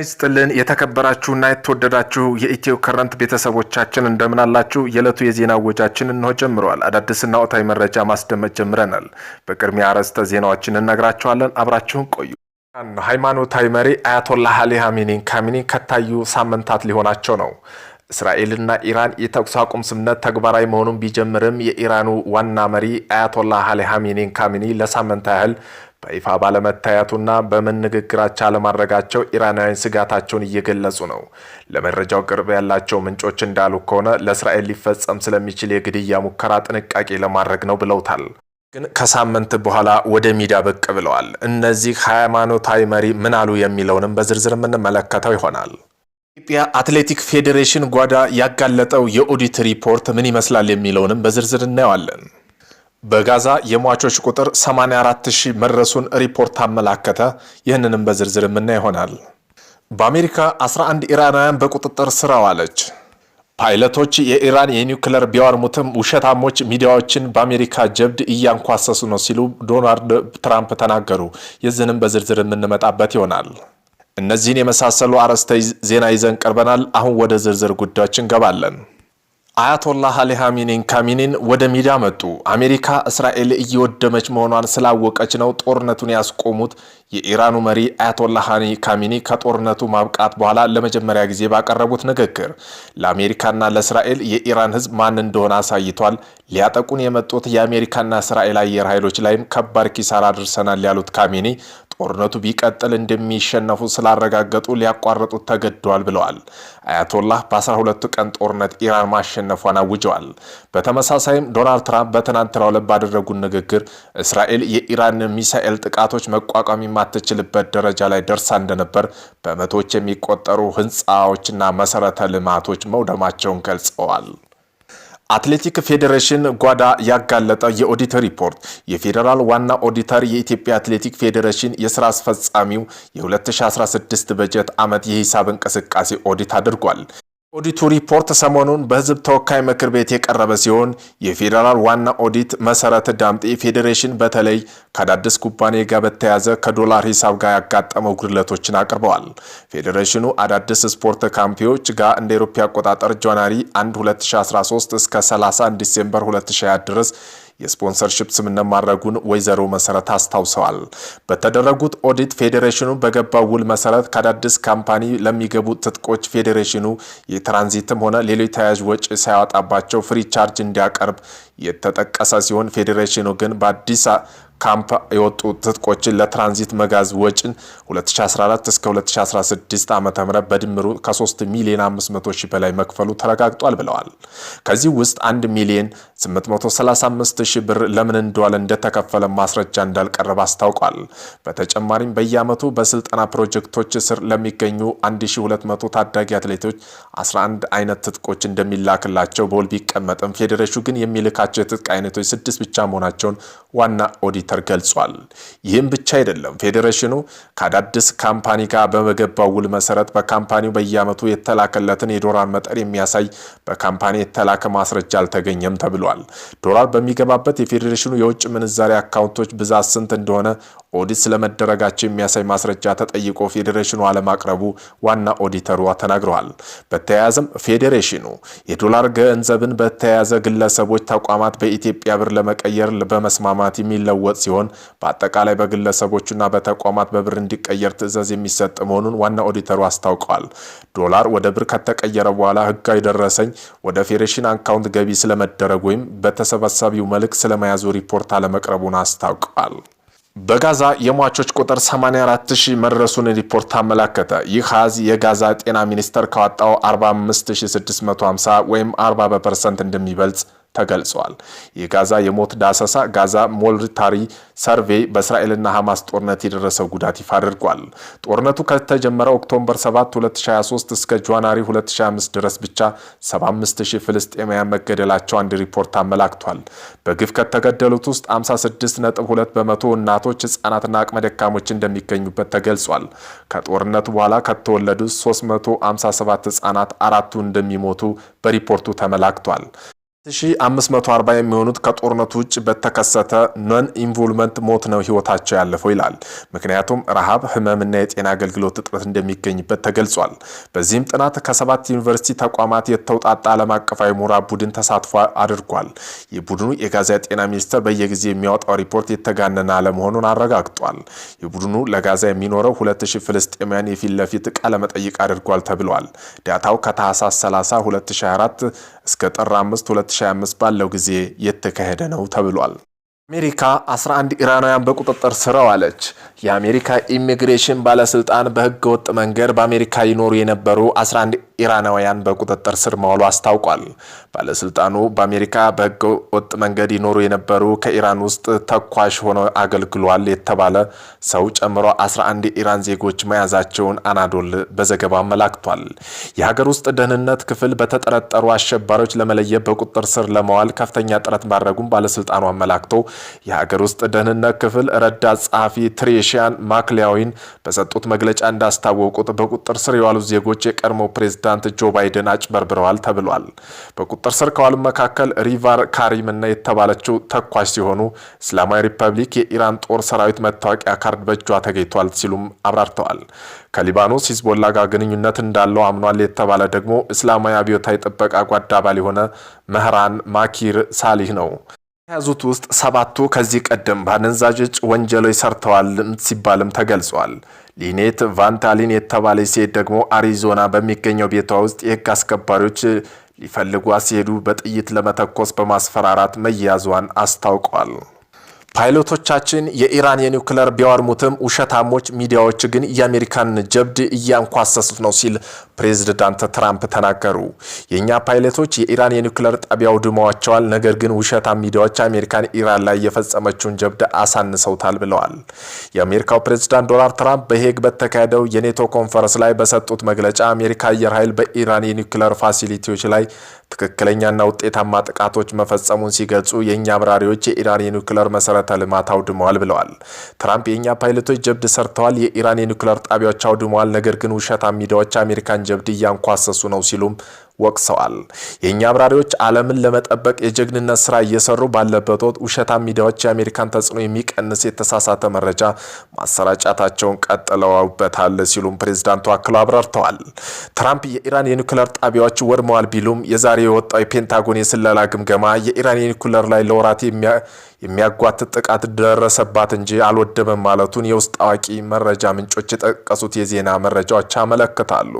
ጤና ይስጥልን የተከበራችሁና የተወደዳችሁ የኢትዮ ከረንት ቤተሰቦቻችን እንደምን አላችሁ? የዕለቱ የዜና ወጃችን እንሆ ጀምረዋል። አዳዲስና ወቅታዊ መረጃ ማስደመጥ ጀምረናል። በቅድሚያ አርዕስተ ዜናዎችን እነግራችኋለን። አብራችሁን ቆዩ። ሃይማኖታዊ መሪ አያቶላ አሊ ሀሚኒን ካሚኒ ከታዩ ሳምንታት ሊሆናቸው ነው። እስራኤልና ኢራን የተኩስ አቁም ስምነት ተግባራዊ መሆኑን ቢጀምርም የኢራኑ ዋና መሪ አያቶላህ አሊ ሀሚኒን ካሚኒ ለሳምንት ያህል በይፋ ባለመታየቱና በምን ንግግራቸው አለማድረጋቸው ኢራናውያን ስጋታቸውን እየገለጹ ነው። ለመረጃው ቅርብ ያላቸው ምንጮች እንዳሉ ከሆነ ለእስራኤል ሊፈጸም ስለሚችል የግድያ ሙከራ ጥንቃቄ ለማድረግ ነው ብለውታል። ግን ከሳምንት በኋላ ወደ ሚዲያ ብቅ ብለዋል። እነዚህ ሃይማኖታዊ መሪ ምን አሉ የሚለውንም በዝርዝር የምንመለከተው ይሆናል። ኢትዮጵያ አትሌቲክ ፌዴሬሽን ጓዳ ያጋለጠው የኦዲት ሪፖርት ምን ይመስላል የሚለውንም በዝርዝር እናየዋለን። በጋዛ የሟቾች ቁጥር 84ሺህ መድረሱን ሪፖርት አመላከተ። ይህንንም በዝርዝር የምና ይሆናል። በአሜሪካ 11 ኢራናውያን በቁጥጥር ስር አዋለች። ፓይለቶች የኢራን የኒውክለር ቢያወድሙትም ውሸታሞች ሚዲያዎችን በአሜሪካ ጀብድ እያንኳሰሱ ነው ሲሉ ዶናልድ ትራምፕ ተናገሩ። የዚህንም በዝርዝር የምንመጣበት ይሆናል። እነዚህን የመሳሰሉ አርዕስተ ዜና ይዘን ቀርበናል። አሁን ወደ ዝርዝር ጉዳዮች እንገባለን። አያቶላህ አሊ ሀሚኒን ካሚኒን ወደ ሚዲያ መጡ። አሜሪካ እስራኤል እየወደመች መሆኗን ስላወቀች ነው ጦርነቱን ያስቆሙት። የኢራኑ መሪ አያቶላህ ካሚኒ ከጦርነቱ ማብቃት በኋላ ለመጀመሪያ ጊዜ ባቀረቡት ንግግር ለአሜሪካና ለእስራኤል የኢራን ሕዝብ ማን እንደሆነ አሳይቷል። ሊያጠቁን የመጡት የአሜሪካና እስራኤል አየር ኃይሎች ላይም ከባድ ኪሳራ አድርሰናል ያሉት ካሚኒ ጦርነቱ ቢቀጥል እንደሚሸነፉ ስላረጋገጡ ሊያቋርጡት ተገደዋል ብለዋል። አያቶላህ በ12 ቀን ጦርነት ኢራን ማሸነፏን አውጀዋል። በተመሳሳይም ዶናልድ ትራምፕ በትናንትናው ዕለት ባደረጉት ንግግር እስራኤል የኢራን ሚሳኤል ጥቃቶች መቋቋም የማትችልበት ደረጃ ላይ ደርሳ እንደነበር፣ በመቶዎች የሚቆጠሩ ህንፃዎችና መሰረተ ልማቶች መውደማቸውን ገልጸዋል። አትሌቲክ ፌዴሬሽን ጓዳ ያጋለጠ የኦዲት ሪፖርት የፌዴራል ዋና ኦዲተር የኢትዮጵያ አትሌቲክ ፌዴሬሽን የስራ አስፈጻሚው የ2016 በጀት ዓመት የሂሳብ እንቅስቃሴ ኦዲት አድርጓል። ኦዲቱ ሪፖርት ሰሞኑን በሕዝብ ተወካይ ምክር ቤት የቀረበ ሲሆን የፌዴራል ዋና ኦዲት መሰረተ ዳምጤ ፌዴሬሽን በተለይ ከአዳዲስ ኩባንያ ጋር በተያያዘ ከዶላር ሂሳብ ጋር ያጋጠመው ጉድለቶችን አቅርበዋል። ፌዴሬሽኑ አዳዲስ ስፖርት ካምፒዎች ጋር እንደ ኢሮፓ አቆጣጠር ጃንዋሪ 1 2013 እስከ 31 ዲሴምበር 2020 ድረስ የስፖንሰርሽፕ ስምምነት ማድረጉን ወይዘሮ መሰረት አስታውሰዋል። በተደረጉት ኦዲት ፌዴሬሽኑ በገባው ውል መሰረት ከአዳዲስ ካምፓኒ ለሚገቡ ትጥቆች ፌዴሬሽኑ የትራንዚትም ሆነ ሌሎች ተያያዥ ወጪ ሳያወጣባቸው ፍሪ ቻርጅ እንዲያቀርብ የተጠቀሰ ሲሆን ፌዴሬሽኑ ግን በአዲስ ካምፕ የወጡ ትጥቆችን ለትራንዚት መጋዝ ወጪን 2014 እስከ 2016 ዓ ም በድምሩ ከ3 ሚሊዮን 500 ሺህ በላይ መክፈሉ ተረጋግጧል ብለዋል። ከዚህ ውስጥ 1 ሚሊዮን 835 ሺህ ብር ለምን እንደዋለ እንደተከፈለ ማስረጃ እንዳልቀረበ አስታውቋል። በተጨማሪም በየዓመቱ በስልጠና ፕሮጀክቶች ስር ለሚገኙ 1200 ታዳጊ አትሌቶች 11 አይነት ትጥቆች እንደሚላክላቸው በውል ቢቀመጥም ፌዴሬሽኑ ግን የሚልካቸው የትጥቅ አይነቶች ስድስት ብቻ መሆናቸውን ዋና ኦዲት ሴንተር ገልጿል። ይህም ብቻ አይደለም። ፌዴሬሽኑ ከአዳዲስ ካምፓኒ ጋር በመገባው ውል መሰረት በካምፓኒው በየዓመቱ የተላከለትን የዶላር መጠን የሚያሳይ በካምፓኒ የተላከ ማስረጃ አልተገኘም ተብሏል። ዶላር በሚገባበት የፌዴሬሽኑ የውጭ ምንዛሪ አካውንቶች ብዛት ስንት እንደሆነ ኦዲት ስለመደረጋቸው የሚያሳይ ማስረጃ ተጠይቆ ፌዴሬሽኑ አለማቅረቡ ዋና ኦዲተሯ ተናግረዋል። በተያያዘም ፌዴሬሽኑ የዶላር ገንዘብን በተያያዘ ግለሰቦች፣ ተቋማት በኢትዮጵያ ብር ለመቀየር በመስማማት የሚለወጥ ሲሆን በአጠቃላይ በግለሰቦችና በተቋማት በብር እንዲቀየር ትዕዛዝ የሚሰጥ መሆኑን ዋና ኦዲተሩ አስታውቀዋል። ዶላር ወደ ብር ከተቀየረ በኋላ ህጋዊ ደረሰኝ ወደ ፌዴሬሽን አካውንት ገቢ ስለመደረግ ወይም በተሰበሳቢው መልክ ስለመያዙ ሪፖርት አለመቅረቡን አስታውቀዋል። በጋዛ የሟቾች ቁጥር 84 ሺህ መድረሱን ሪፖርት አመላከተ። ይህ ሀዝ የጋዛ ጤና ሚኒስቴር ካወጣው 45650 ወይም 40 በፐርሰንት እንደሚበልጽ ተገልጿል። የጋዛ የሞት ዳሰሳ ጋዛ ሞልታሪ ሰርቬይ በእስራኤልና ሐማስ ጦርነት የደረሰው ጉዳት ይፋ አድርጓል። ጦርነቱ ከተጀመረ ኦክቶበር 7 2023 እስከ ጃንዋሪ 2025 ድረስ ብቻ 75000 ፍልስጤማውያን መገደላቸው አንድ ሪፖርት አመላክቷል። በግፍ ከተገደሉት ውስጥ 56.2 በመቶ እናቶች፣ ህጻናትና አቅመ ደካሞች እንደሚገኙበት ተገልጿል። ከጦርነቱ በኋላ ከተወለዱ 357 ህጻናት አራቱ እንደሚሞቱ በሪፖርቱ ተመላክቷል። 1540 የሚሆኑት ከጦርነቱ ውጭ በተከሰተ ኖን ኢንቮልመንት ሞት ነው ህይወታቸው ያለፈው ይላል። ምክንያቱም ረሃብ፣ ህመምና የጤና አገልግሎት እጥረት እንደሚገኝበት ተገልጿል። በዚህም ጥናት ከሰባት ዩኒቨርሲቲ ተቋማት የተውጣጣ ዓለም አቀፋዊ ምሁራን ቡድን ተሳትፎ አድርጓል። የቡድኑ የጋዛ ጤና ሚኒስቴር በየጊዜው የሚያወጣው ሪፖርት የተጋነነ አለመሆኑን አረጋግጧል። የቡድኑ ለጋዛ የሚኖረው 2000 ፍልስጤማውያን የፊት ለፊት መጠይቅ አድርጓል ተብሏል። ዳታው ከታህሳስ 30 2024 እስከ ጥር 5 2025 ባለው ጊዜ የተካሄደ ነው ተብሏል። አሜሪካ 11 ኢራናውያን በቁጥጥር ስር አዋለች። የአሜሪካ ኢሚግሬሽን ባለስልጣን በህገ ወጥ መንገድ በአሜሪካ ይኖሩ የነበሩ 11 ኢራናውያን በቁጥጥር ስር መዋሉ አስታውቋል። ባለስልጣኑ በአሜሪካ በህገ ወጥ መንገድ ይኖሩ የነበሩ ከኢራን ውስጥ ተኳሽ ሆነው አገልግሏል የተባለ ሰው ጨምሮ 11 የኢራን ዜጎች መያዛቸውን አናዶል በዘገባ መላክቷል። የሀገር ውስጥ ደህንነት ክፍል በተጠረጠሩ አሸባሪዎች ለመለየት በቁጥጥር ስር ለመዋል ከፍተኛ ጥረት ማድረጉን ባለስልጣኑ አመላክቶ የሀገር ውስጥ ደህንነት ክፍል ረዳት ጸሐፊ ትሬሽያን ማክሊያዊን በሰጡት መግለጫ እንዳስታወቁት በቁጥጥር ስር የዋሉ ዜጎች የቀድሞ ፕሬዚዳንት ፕሬዚዳንት ጆ ባይደን አጭበርብረዋል ተብሏል። በቁጥር ስር ከዋሉም መካከል ሪቫር ካሪምና የተባለችው ተኳሽ ሲሆኑ እስላማዊ ሪፐብሊክ የኢራን ጦር ሰራዊት መታወቂያ ካርድ በእጇ ተገኝቷል ሲሉም አብራርተዋል። ከሊባኖስ ሂዝቦላ ጋር ግንኙነት እንዳለው አምኗል የተባለ ደግሞ እስላማዊ አብዮታዊ ጥበቃ ጓድ አባል የሆነ መህራን ማኪር ሳሊህ ነው። ከያዙት ውስጥ ሰባቱ ከዚህ ቀደም በአደንዛዥ ወንጀሎች ሰርተዋል ሲባልም ተገልጿል። ሊኔት ቫንታሊን የተባለች ሴት ደግሞ አሪዞና በሚገኘው ቤቷ ውስጥ የህግ አስከባሪዎች ሊፈልጓ ሲሄዱ በጥይት ለመተኮስ በማስፈራራት መያዟን አስታውቋል። ፓይሎቶቻችን የኢራን የኒውክለር ቢያወርሙትም ውሸታሞች ሚዲያዎች ግን የአሜሪካን ጀብድ እያንኳሰሱት ነው ሲል ፕሬዝዳንት ትራምፕ ተናገሩ። የእኛ ፓይለቶች የኢራን የኒውክለር ጣቢያ ውድመዋቸዋል ነገር ግን ውሸታም ሚዲያዎች አሜሪካን ኢራን ላይ የፈጸመችውን ጀብድ አሳንሰውታል ብለዋል። የአሜሪካው ፕሬዝዳንት ዶናልድ ትራምፕ በሄግ በተካሄደው የኔቶ ኮንፈረንስ ላይ በሰጡት መግለጫ አሜሪካ አየር ኃይል በኢራን የኒውክለር ፋሲሊቲዎች ላይ ትክክለኛና ውጤታማ ጥቃቶች መፈጸሙን ሲገልጹ የእኛ አብራሪዎች የኢራን የኒውክለር መሰረ መሰረተ ልማት አውድመዋል ብለዋል። ትራምፕ የእኛ ፓይለቶች ጀብድ ሰርተዋል፣ የኢራን የኒኩሌር ጣቢያዎች አውድመዋል፣ ነገር ግን ውሸታ ሚዲያዎች አሜሪካን ጀብድ እያንኳሰሱ ነው ሲሉም ወቅሰዋል። የእኛ አብራሪዎች ዓለምን ለመጠበቅ የጀግንነት ስራ እየሰሩ ባለበት ወቅት ውሸታም ሚዲያዎች የአሜሪካን ተጽዕኖ የሚቀንስ የተሳሳተ መረጃ ማሰራጫታቸውን ቀጥለውበታል ሲሉም ፕሬዚዳንቱ አክሎ አብራርተዋል። ትራምፕ የኢራን የኒኩለር ጣቢያዎች ወድመዋል ቢሉም የዛሬ የወጣው የፔንታጎን የስለላ ግምገማ የኢራን የኒኩለር ላይ ለወራት የሚያጓትት ጥቃት ደረሰባት እንጂ አልወደበም ማለቱን የውስጥ አዋቂ መረጃ ምንጮች የጠቀሱት የዜና መረጃዎች አመለክታሉ።